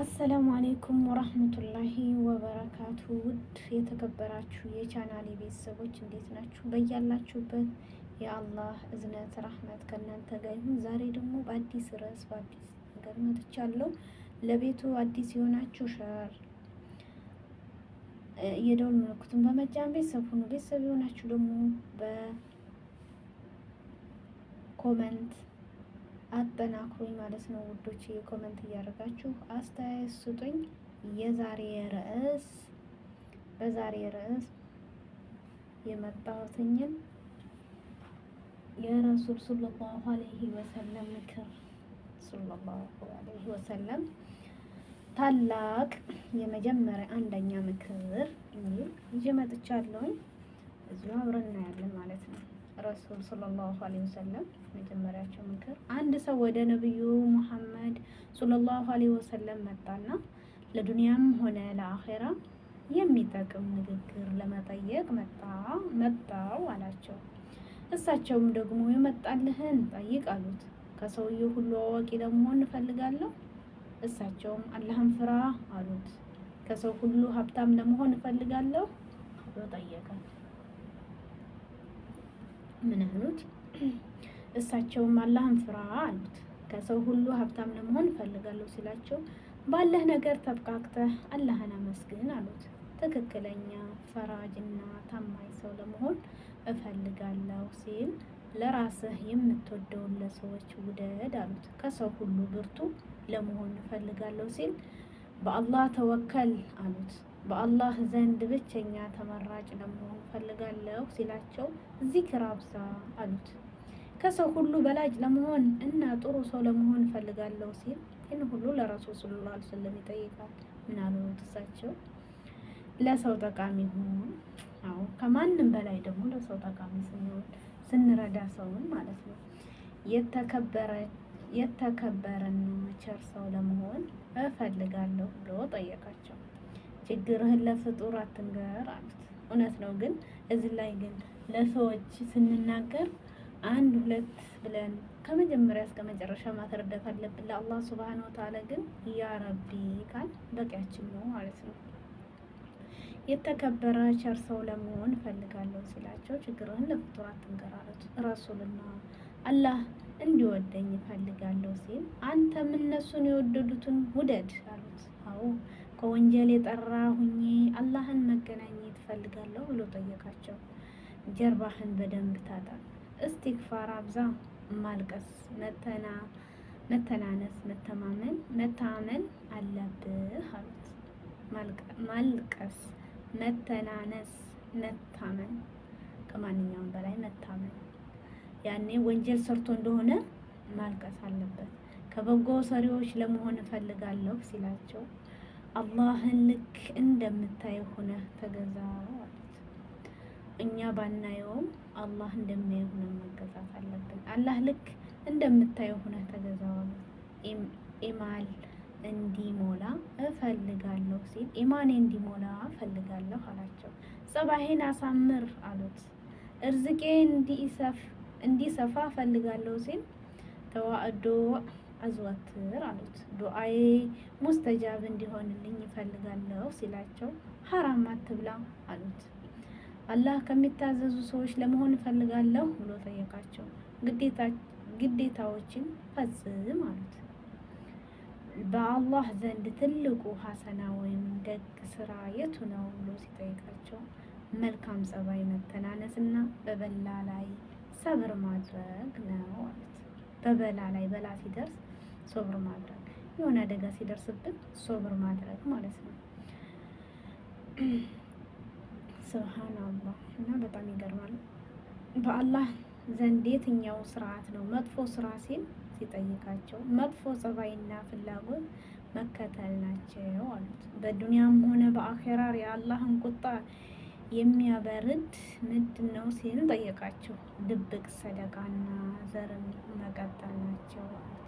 አሰላሙ አሌይኩም ወራህመቱላሂ ወበረካቱ። ውድ የተከበራችሁ የቻናሌ ቤተሰቦች እንዴት ናችሁ? በያላችሁበት የአላህ እዝነት ራህመት ከእናንተ ጋር ይሁን። ዛሬ ደግሞ በአዲስ ርዕስ በአዲስ ነገር መጥቻለሁ። ለቤቱ አዲስ የሆናችሁ ሸር የደውል ምልክቱን በመጫን ቤተሰብ ሁኑ። ቤተሰብ የሆናችሁ ደግሞ በኮመንት አጠናክሩኝ ማለት ነው ውዶች፣ የኮመንት እያደረጋችሁ አስተያየት ስጡኝ። የዛሬ ርዕስ በዛሬ ርዕስ የመጣሁትኝን የረሱል ሰለላሁ አለይሂ ወሰለም ምክር ሰለላሁ አለይሂ ወሰለም ታላቅ የመጀመሪያ አንደኛ ምክር የሚል ይዤ መጥቻለሁኝ። እዚሁ አብረን እናያለን ማለት ነው። ረሱል ሰለላሁ ዐለይሂ ወሰለም መጀመሪያቸው ምክር አንድ ሰው ወደ ነብዩ ሙሐመድ ሰለላሁ ዐለይሂ ወሰለም መጣና ለዱንያም ሆነ ለአኼራ የሚጠቅም ንግግር ለመጠየቅ መጣ መጣው አላቸው። እሳቸውም ደግሞ የመጣልህን ጠይቅ አሉት። ከሰውየው ሁሉ አዋቂ ለመሆን እንፈልጋለሁ እሳቸውም አላህን ፍራ አሉት። ከሰው ሁሉ ሀብታም ለመሆን እፈልጋለሁ ብሎ ጠየቀ። ምን አሉት እሳቸውም አላህን ፍራ አሉት። ከሰው ሁሉ ሀብታም ለመሆን እፈልጋለሁ ሲላቸው ባለህ ነገር ተብቃቅተህ አላህን አመስግን አሉት። ትክክለኛ ፈራጅና ታማኝ ሰው ለመሆን እፈልጋለሁ ሲል ለራስህ የምትወደውን ለሰዎች ውደድ አሉት። ከሰው ሁሉ ብርቱ ለመሆን እፈልጋለሁ ሲል በአላህ ተወከል አሉት። በአላህ ዘንድ ብቸኛ ተመራጭ ለመሆን ፈልጋለሁ ሲላቸው ዚክር አብዛ አሉት። ከሰው ሁሉ በላጭ ለመሆን እና ጥሩ ሰው ለመሆን ፈልጋለሁ ሲል ይህን ሁሉ ለረሱል ሰለላሁ ዐለይሂ ወሰለም ይጠይቃል። ምን እሳቸው? ለሰው ጠቃሚ ሆን። አዎ ከማንም በላይ ደግሞ ለሰው ጠቃሚ ስንሆን ስንረዳ ሰውን ማለት ነው። የተከበረ የተከበረና ቸር ሰው ለመሆን እፈልጋለሁ ብሎ ጠየቃቸው። ችግርህን ለፍጡር አትንገር አሉት። እውነት ነው። ግን እዚህ ላይ ግን ለሰዎች ስንናገር አንድ ሁለት ብለን ከመጀመሪያ እስከ መጨረሻ ማስረዳት አለብን። ለአላህ ስብሃነ ወተዓላ ግን ያ ረቢ ቃል በቂያችን ነው ማለት ነው። የተከበረ ቸር ሰው ለመሆን እፈልጋለሁ ሲላቸው ችግርህን ለፍጡር አትንገር አሉት። ረሱልና አላህ እንዲወደኝ እፈልጋለሁ ሲል አንተም እነሱን የወደዱትን ውደድ አሉት። አዎ ከወንጀል የጠራ ሁኜ አላህን መገናኘት እፈልጋለሁ ብሎ ጠየቃቸው። ጀርባህን በደንብ ታጣ፣ እስቲግፋር አብዛ፣ ማልቀስ፣ መተናነስ፣ መተማመን መታመን አለብህ አሉት። ማልቀስ፣ መተናነስ፣ መታመን ከማንኛውም በላይ መታመን። ያኔ ወንጀል ሰርቶ እንደሆነ ማልቀስ አለበት። ከበጎ ሰሪዎች ለመሆን እፈልጋለሁ ሲላቸው አላህን ልክ እንደምታየው ሆነ ተገዛ እኛ ባናየውም አላህ እንደሚያየው ሆነ መገዛት አለብን። አላህ ልክ እንደምታየው ሆነ ተገዛ ኢማል እንዲሞላ እፈልጋለሁ ሲል ኢማኔ እንዲሞላ እፈልጋለሁ አላቸው። ጸባሄን አሳምር አሉት። እርዝቄ እንዲሰፋ እፈልጋለሁ ሲል ተዋዕዶ አዘወትር አሉት። ዱዓዬ ሙስተጃብ እንዲሆንልኝ ይፈልጋለሁ ሲላቸው ሀራም አትብላ አሉት። አላህ ከሚታዘዙ ሰዎች ለመሆን እፈልጋለሁ ብሎ ጠየቃቸው። ግዴታዎችን ፈጽም አሉት። በአላህ ዘንድ ትልቁ ሀሰና ወይም ደግ ስራ የቱ ነው ብሎ ሲጠይቃቸው መልካም ጸባይ መተናነስና በበላ ላይ ሰብር ማድረግ ነው አሉት። በበላ ላይ በላ ሲደርስ ሶብር ማድረግ የሆነ አደጋ ሲደርስብን ሶብር ማድረግ ማለት ነው። ስብሃናላህ እና በጣም ይገርማል። በአላህ ዘንድ የትኛው ስርዓት ነው መጥፎ ስራ ሲል ሲጠይቃቸው መጥፎ ጸባይና ፍላጎት መከተል ናቸው አሉት። በዱንያም ሆነ በአኼራ የአላህን ቁጣ የሚያበርድ ምንድን ነው ሲል ጠየቃቸው። ድብቅ ሰደቃና ዘርን መቀጠል ናቸው አሉት።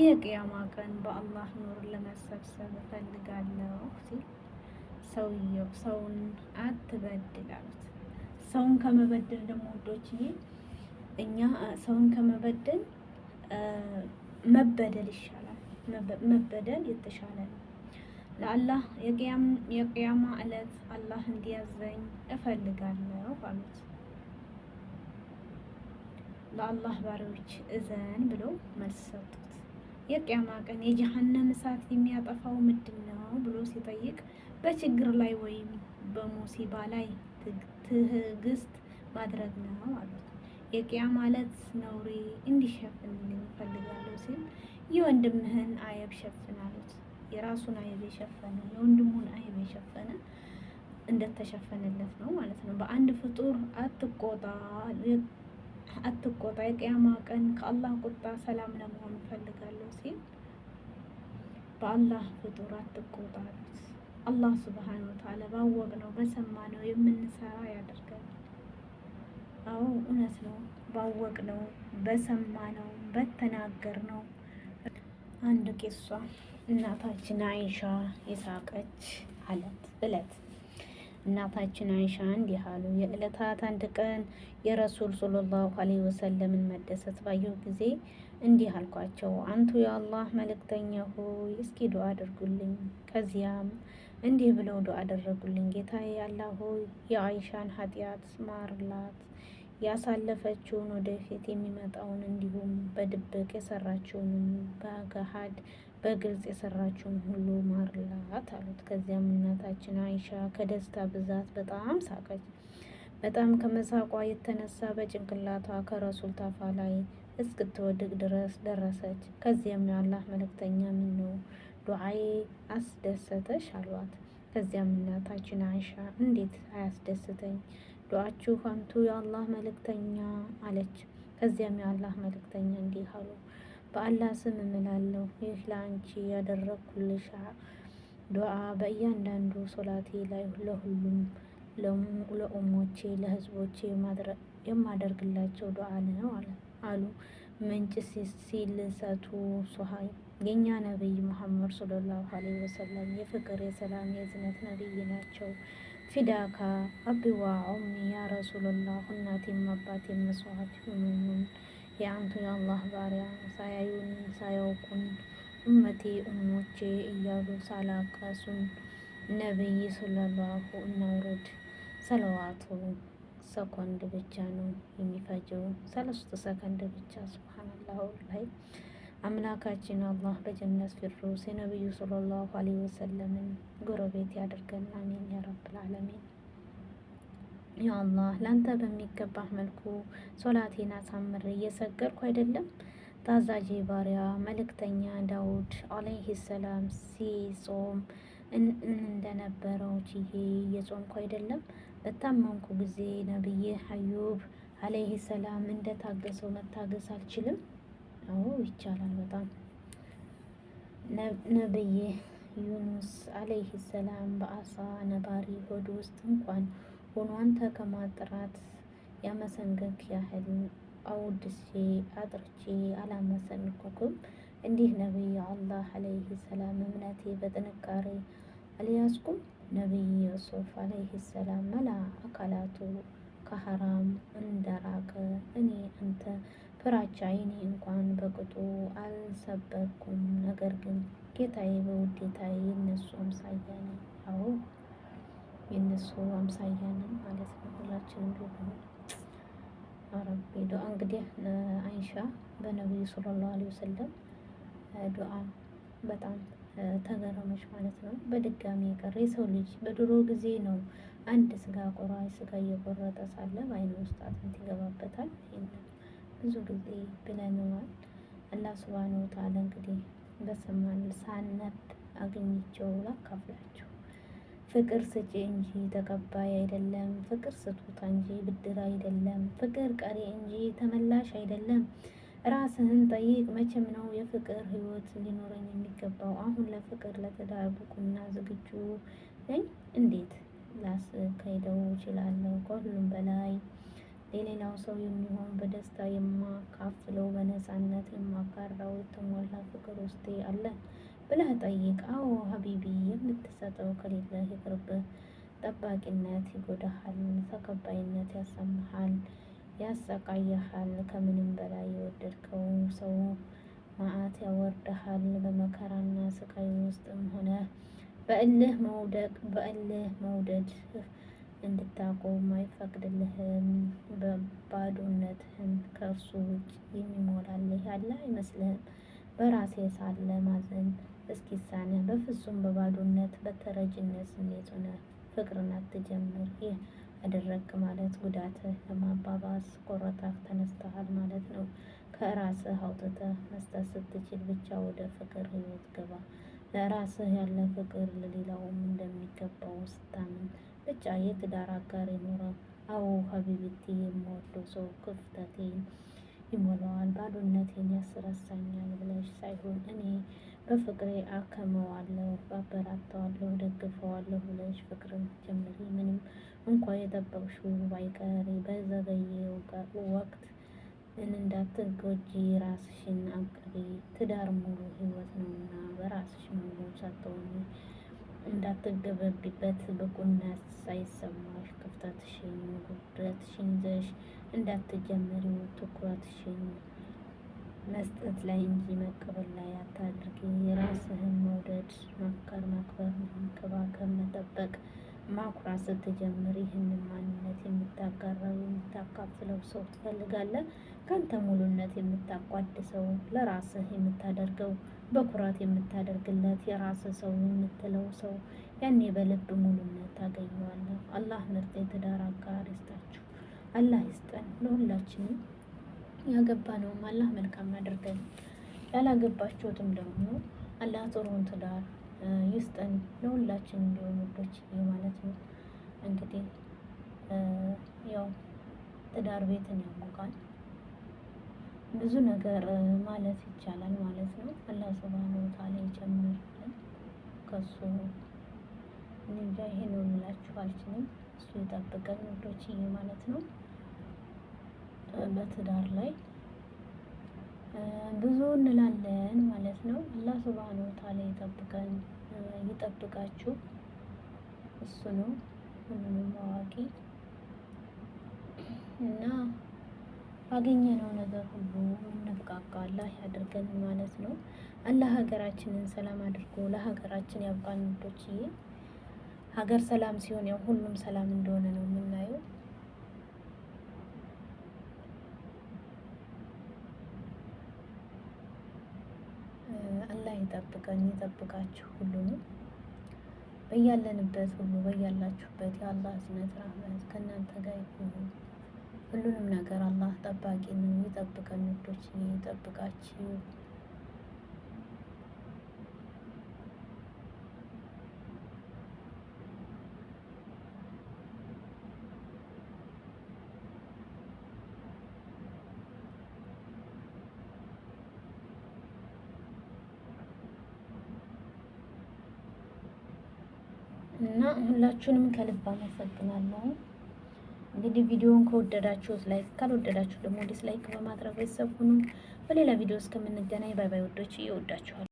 የቅያማ ቀን በአላህ ኑር ለመሰብሰብ እፈልጋለሁ ሲል ሰውየው ሰውን አትበድል አሉት። ሰውን ከመበደል ደግሞ ውዶችዬ እኛ ሰውን ከመበደል መበደል ይሻላል። መበደል የተሻለ ነው። ለአላህ የቅያማ ዕለት አላህ እንዲያዘኝ እፈልጋለሁ አሉት። ለአላህ ባሪዎች እዘን ብሎ መልስ ሰጡት። የቅያማ ቀን የጀሀነም እሳት የሚያጠፋው ምንድን ነው ብሎ ሲጠይቅ በችግር ላይ ወይም በሙሲባ ላይ ትዕግስት ማድረግ ነው አሉት። የቅያ ማለት ነውሬ እንዲሸፍንልኝ እፈልጋለሁ ሲል የወንድምህን አየብ ሸፍን አሉት። የራሱን አየብ የሸፈነ የወንድሙን አይብ የሸፈነ እንደተሸፈነለት ነው ማለት ነው። በአንድ ፍጡር አትቆጣ አትቆጣ፣ የቅያማ ቀን ከአላህ ቁጣ ሰላም ለመሆን እፈልጋለሁ ሲል በአላህ ፍጡር አትቆጣት። አላህ ስብሓን ወተዓላ ባወቅ ነው በሰማ ነው የምንሰራ ያደርጋል። አዎ እውነት ነው። ባወቅ ነው በሰማ ነው በተናገር ነው። አንድ ቄሷ እናታችን አይሻ የሳቀች አለት እለት እናታችን አይሻ እንዲህ አሉ። የዕለታት አንድ ቀን የረሱል ሰለላሁ ዐለይሂ ወሰለምን መደሰት ባየሁ ጊዜ እንዲህ አልኳቸው፣ አንቱ የአላህ መልእክተኛ ሆይ እስኪ ዱዓ አድርጉልኝ። ከዚያም እንዲህ ብለው ዱዓ አደረጉልኝ። ጌታዬ አላህ ሆይ የአይሻን ኃጢአት ማርላት፣ ያሳለፈችውን፣ ወደፊት የሚመጣውን እንዲሁም በድብቅ የሰራችውን በገሃድ በግልጽ የሰራችውን ሁሉ ማርላት አሉት። ከዚያም እናታችን አይሻ ከደስታ ብዛት በጣም ሳቀች። በጣም ከመሳቋ የተነሳ በጭንቅላቷ ከረሱል ታፋ ላይ እስክትወድቅ ድረስ ደረሰች። ከዚያም የአላህ መልእክተኛ ምን ነው ዱዓዬ አስደሰተሽ አሏት። ከዚያም እናታችን አይሻ እንዴት አያስደስተኝ ዱዓችሁ አንቱ የአላህ መልእክተኛ አለች። ከዚያም የአላህ መልእክተኛ እንዲህ አሉት በአላ ስም እምላለሁ ይህ ለአንቺ ያደረግኩልሽ ዱዓ በእያንዳንዱ ሶላቴ ላይ ለሁሉም ለኡሞቼ ለህዝቦቼ የማደርግላቸው ዱዓ ነው አሉ። ምንጭ ሲልሰቱ ሶሀይ የእኛ ነቢይ ሙሐመድ ሰለላሁ አለይሂ ወሰለም የፍቅር የሰላም የእዝነት ነቢይ ናቸው። ፊዳካ አቢዋ ኦሚ ያ ረሱለላህ እናቴም አባቴም መስዋዕት ይሁኑን። የአንቱ የአላህ ባሪያ ሳያዩን ሳያውቁን እመቴ እሞቼ እያሉ ሳላቀሱን ነቢይ ሰለላሁ እናውረድ ሰለዋቱ ሰኮንድ ብቻ ነው የሚፈጀው፣ ሰለስቱ ሰከንድ ብቻ። ሱብሃንአላህ ላይ አምላካችን አላህ በጀነት ፊርዶስ የነቢዩ ሰለላሁ አለይሂ ወሰለምን ጎረቤት ያድርገን። አሚን ያረብል አለሚን ያ አላህ ላንተ በሚገባህ መልኩ ሶላቴን አሳምሬ እየሰገድኩ አይደለም። ታዛዥ ባሪያ መልእክተኛ ዳውድ አለይሂ ሰላም ሲጾም እንደነበረው ችዬ እየጾምኩ አይደለም። በታመምኩ ጊዜ ነብይ አዩብ አለይሂ ሰላም እንደታገሰው መታገስ አልችልም። አዎ ይቻላል። በጣም ነብይ ዩኑስ አለይሂ ሰላም በአሳ ነባሪ ሆድ ውስጥ እንኳን አንተ ከማጥራት ያመሰንገክ ያህል አውድሴ አጥርቼ አላመሰንኩኩም። እንዲህ ነቢይ አላህ አለይህ ሰላም እምነቴ በጥንካሬ አልያዝኩም። ነቢይ ዮሱፍ አለይህ ሰላም መላ አካላቱ ከሀራም እንደራቀ እኔ አንተ ፍራቻ ይኔ እንኳን በቅጡ አልሰበርኩም። ነገር ግን ጌታዬ በውዴታዬ እነሱ አምሳያ ነው። አዎ የእነሱ አምሳያ ነን ማለት ነው። ሁላችንም ቢሆን አረብ ዱአ እንግዲህ አይሻ በነቢዩ ሰለላሁ ዐለይሂ ወሰለም ዱአ በጣም ተገረመች ማለት ነው። በድጋሚ የቀረ የሰው ልጅ በድሮ ጊዜ ነው አንድ ስጋ ቆራጭ ስጋ እየቆረጠ ሳለ በአይኑ ውስጥ አጥንት ይገባበታል። ብዙ ጊዜ ብለንዋል። አላህ ሱብሃነሁ ወተዓላ እንግዲህ በሰማን ሳነብ አገኘቸው ላካፍላችሁ ፍቅር ስጪ እንጂ ተቀባይ አይደለም። ፍቅር ስጦታ እንጂ ብድር አይደለም። ፍቅር ቀሪ እንጂ ተመላሽ አይደለም። ራስህን ጠይቅ። መቼም ነው የፍቅር ህይወት ሊኖረኝ የሚገባው? አሁን ለፍቅር ለትዳር ብቁና ዝግጁ ነኝ? እንዴት ላስከሄደው እችላለሁ? ከሁሉም በላይ የሌላው ሰው የሚሆን በደስታ የማካፍለው በነፃነት የማጋራው የተሞላ ፍቅር ውስጤ አለ። ብለህ ጠይቅ። አዎ ሀቢቢ የምትሰጠው ከሌለህ የቅርብ ጠባቂነት ይጎዳሃል፣ ተቀባይነት ያሰማሃል፣ ያሰቃያሃል። ከምንም በላይ የወደድከው ሰው መዓት ያወርደሃል። በመከራና ስቃይ ውስጥም ሆነ በእልህ መውደቅ በእልህ መውደድ እንድታቆም አይፈቅድልህም። ባዶነትህን ከእርሱ ውጭ የሚሞላልህ ያለ አይመስልህም። በራሴ ሳለ ማዘን እስኪሳንህ በፍጹም በባዶነት በተረጅነት ስሜት ሆነ ፍቅርን አትጀምር። ይህ አደረግክ ማለት ጉዳትህ ለማባባስ ቆረጣህ ተነስተሃል ማለት ነው። ከራስህ አውጥተህ መስጠት ስትችል ብቻ ወደ ፍቅር ህይወት ግባ። ለራስህ ያለ ፍቅር ለሌላውም እንደሚገባው ስታምን ብቻ የትዳር አጋር ይኖረ። አዎ ሀቢብቲ የምወደው ሰው ክፍተቴን ይሞላዋል፣ ባዶነቴን ያስረሳኛል ብለሽ ሳይሆን እኔ በፍቅሬ አከመዋለሁ፣ አበረታዋለሁ፣ ደግፈዋለሁ ብለሽ ፍቅርን ጀምሪ። ምንም እንኳ የጠበቅሽው ባይቀር በዘገየው ወቅት እንዳትጎጂ ራስሽን አቅቢ። ትዳር ሙሉ ህይወት ነውና በራስሽ ሙሉ ሳትሆኚ እንዳትገበቢበት በቁነት ሳይሰማሽ ክፍተትሽን፣ ጉድለትሽን ዘሽ እንዳትጀምሪው ትኩረትሽን መስጠት ላይ እንጂ መቀበል ላይ አታድርግ። የራስህን መውደድ፣ መፍቀር፣ ማክበር፣ መንከባከብ፣ መጠበቅ፣ ማኩራት ስትጀምር ይህንን ማንነት የምታጋራው የምታካፍለው ሰው ትፈልጋለህ። ከአንተ ሙሉነት የምታቋድሰው ለራስህ የምታደርገው በኩራት የምታደርግለት የራስህ ሰው የምትለው ሰው ያኔ በልብ ሙሉነት ታገኘዋለህ። አላህ ምርጥ የትዳር አጋር ይስጣችሁ። አላህ ይስጠን ለሁላችንም። ያገባ ያገባነውም አላህ መልካም ያደርገን፣ ያላገባችሁትም ደግሞ አላህ ጥሩን ትዳር ይስጠን ለሁላችን እንዲሆን ውዶች ማለት ነው። እንግዲህ ያው ትዳር ቤትን ያሞቃል ብዙ ነገር ማለት ይቻላል ማለት ነው። አላህ ሱብሃነሁ ወተዓላ ይጨምርልን ከሱ እንጃ ይሄን ልላችሁ አልችልም። እሱ ይጠብቀን ውዶች ማለት ነው። በትዳር ላይ ብዙ እንላለን ማለት ነው። አላህ ሱብሃነ ወተዓላ ይጠብቀን፣ ይጠብቃችሁ። እሱ ነው ሁሉንም አዋቂ እና ባገኘነው ነገር ሁሉ እንብቃቃ፣ አላህ ያድርገን ማለት ነው። አላህ ሀገራችንን ሰላም አድርጎ ለሀገራችን ያብቃን። ዶችዬ ሀገር ሰላም ሲሆን ያው ሁሉም ሰላም እንደሆነ ነው የምናየው። ይጠብቀን ይጠብቃችሁ። ሁሉንም በያለንበት ሁሉ በያላችሁበት የአላህ እዝነት ራህመት ከእናንተ ጋር ይሁን። ሁሉንም ነገር አላህ ጠባቂ ነው። ይጠብቀን፣ ውዶች ይጠብቃችሁ። እና ሁላችሁንም ከልብ አመሰግናለሁ። እንግዲህ ቪዲዮውን ከወደዳችሁት ላይክ፣ ካልወደዳችሁ ደግሞ ዲስላይክ በማድረግ ቤተሰብ ሁኑ። በሌላ ቪዲዮ እስከምንገናኝ ባይ ባይ። ወዶች እወዳችኋለሁ።